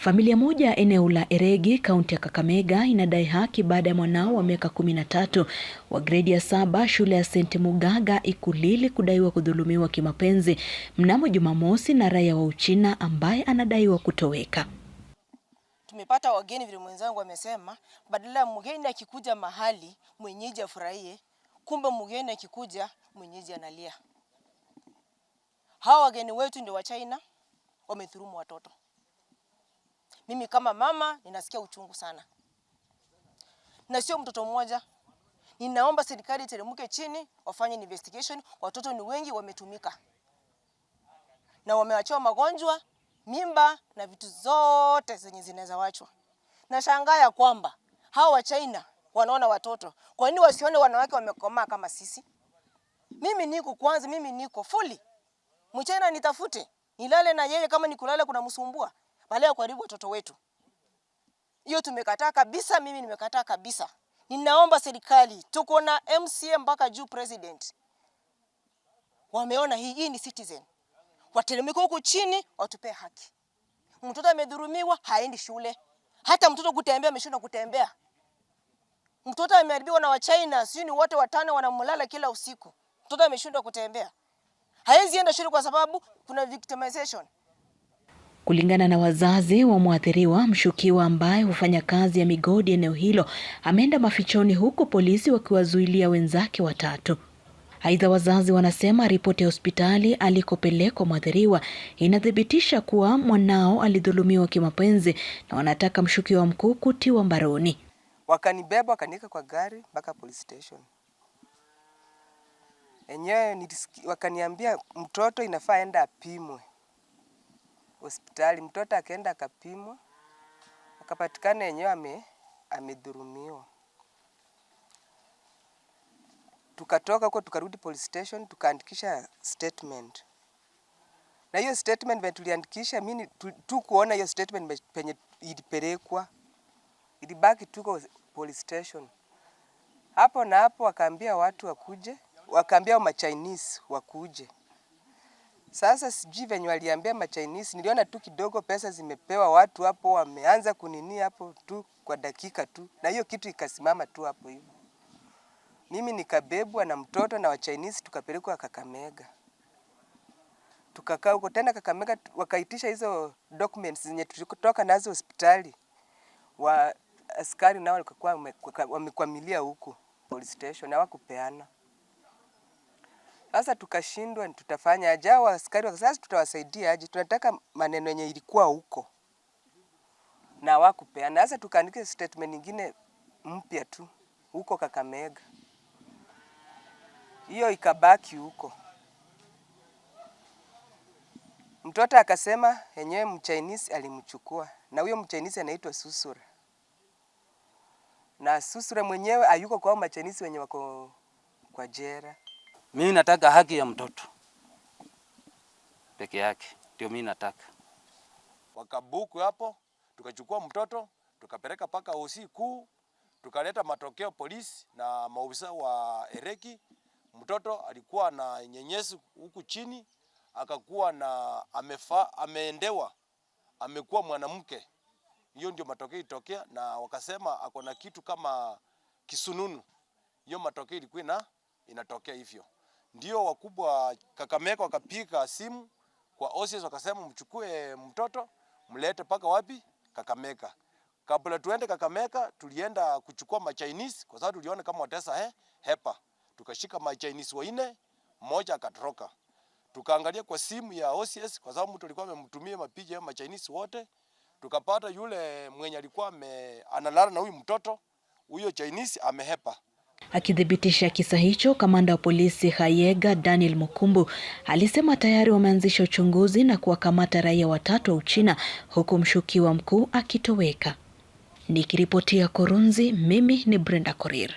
Familia moja eneo la Eregi kaunti ya Kakamega inadai haki baada ya mwanao wa miaka kumi na tatu wa gredi ya saba shule ya St Mugaga Ikulili kudaiwa kudhulumiwa kimapenzi mnamo Jumamosi na raia wa Uchina ambaye anadaiwa kutoweka. Tumepata wageni vile mwenzangu amesema, badala mgeni akikuja mahali mwenyeji afurahie, kumbe mgeni akikuja mwenyeji analia. Hawa wageni wetu ndio wa China wamethurumu watoto. Mimi kama mama ninasikia uchungu sana, na sio mtoto mmoja. Ninaomba serikali teremke chini, wafanye investigation. Watoto ni wengi, wametumika na wamewachiwa magonjwa, mimba na vitu zote zenye zinaweza wachwa. Nashangaa ya kwamba hawa wa China wanaona watoto, kwa nini wasione wanawake wamekomaa kama sisi? Mimi niko kwanza, mimi niko fully Mchina, nitafute nilale na yeye kama nikulala kuna msumbua badala ya kuharibu watoto wetu. Hiyo tumekataa kabisa, mimi nimekataa kabisa. Ninaomba serikali, tuko na MCA mpaka juu president, wameona hii hii ni Citizen, wateremke huku chini watupe haki. Mtoto amedhurumiwa, haendi shule, hata mtoto kutembea, ameshindwa kutembea. Mtoto ameharibiwa na Wachina, sio ni wote watano wanamlala kila usiku. Mtoto ameshindwa kutembea, haezi enda shule kwa sababu kuna victimization. Kulingana na wazazi wa mwathiriwa, mshukiwa ambaye hufanya kazi ya migodi eneo hilo ameenda mafichoni huku polisi wakiwazuilia wenzake watatu. Aidha, wazazi wanasema ripoti ya hospitali alikopelekwa mwathiriwa inathibitisha kuwa mwanao alidhulumiwa kimapenzi na wanataka mshukiwa mkuu kutiwa mbaroni. Wakanibeba wakaniweka kwa gari mpaka police station enyewe, wakaniambia mtoto inafaa aenda apimwe hospitali, mtoto akaenda akapimwa, akapatikana yenyewe ame, amedhurumiwa. Tukatoka huko tukarudi police station tukaandikisha statement, na hiyo statement venye tuliandikisha, mimi tu kuona hiyo statement penye ilipelekwa, ilibaki tuko police station hapo na hapo, wakaambia watu wakuje, wakaambia wa Chinese wakuje sasa sijui venye waliambia Machinese, niliona tu kidogo pesa zimepewa watu hapo, wameanza kunini hapo tu kwa dakika tu, na hiyo kitu ikasimama tu hapo hivyo. Mimi nikabebwa na mtoto na Wachinese tukapelekwa Kakamega, tukakaa huko tena Kakamega, wakaitisha hizo documents zenye tulikotoka nazo hospitali. Wa askari nao walikuwa wamekwamilia huko police station, hawakupeana. Sasa tukashindwa tutafanya aje? askari wa sasa tutawasaidia aje? Tunataka maneno yenye ilikuwa huko na wakupeana. Sasa tukaandika statement nyingine mpya tu huko Kakamega, hiyo ikabaki huko. Mtoto akasema yenyewe mchinese alimchukua, na huyo mchinese anaitwa Susura, na Susura mwenyewe ayuko kwa machinese wenye wako kwa jera. Mimi nataka haki ya mtoto peke yake, ndio mimi nataka. Wakabuku hapo, tukachukua mtoto tukapeleka mpaka hosi kuu, tukaleta matokeo polisi na maofisa wa Ereki. Mtoto alikuwa na nyenyesi huku chini, akakuwa na amefa, ameendewa, amekuwa mwanamke. Hiyo ndio matokeo itokea, na wakasema ako na kitu kama kisununu. Hiyo matokeo ilikuwa na inatokea hivyo ndio wakubwa Kakamega wakapiga simu kwa OCS wakasema, mchukue mtoto mlete paka wapi? Kakamega. Kabla tuende Kakamega, tulienda kuchukua ma Chinese kwa sababu tuliona kama watesa he, eh, hepa. Tukashika ma Chinese waine, mmoja akatoroka. Tukaangalia kwa simu ya OCS kwa sababu mtu alikuwa amemtumia mapicha ya ma Chinese wote. Tukapata yule mwenye alikuwa ame analala na huyu mtoto, huyo Chinese amehepa. Akithibitisha kisa hicho, kamanda wa polisi hayega Daniel Mukumbu alisema tayari wameanzisha uchunguzi na kuwakamata raia watatu wa Uchina huku mshukiwa mkuu akitoweka. Nikiripotia Kurunzi, mimi ni Brenda Korir.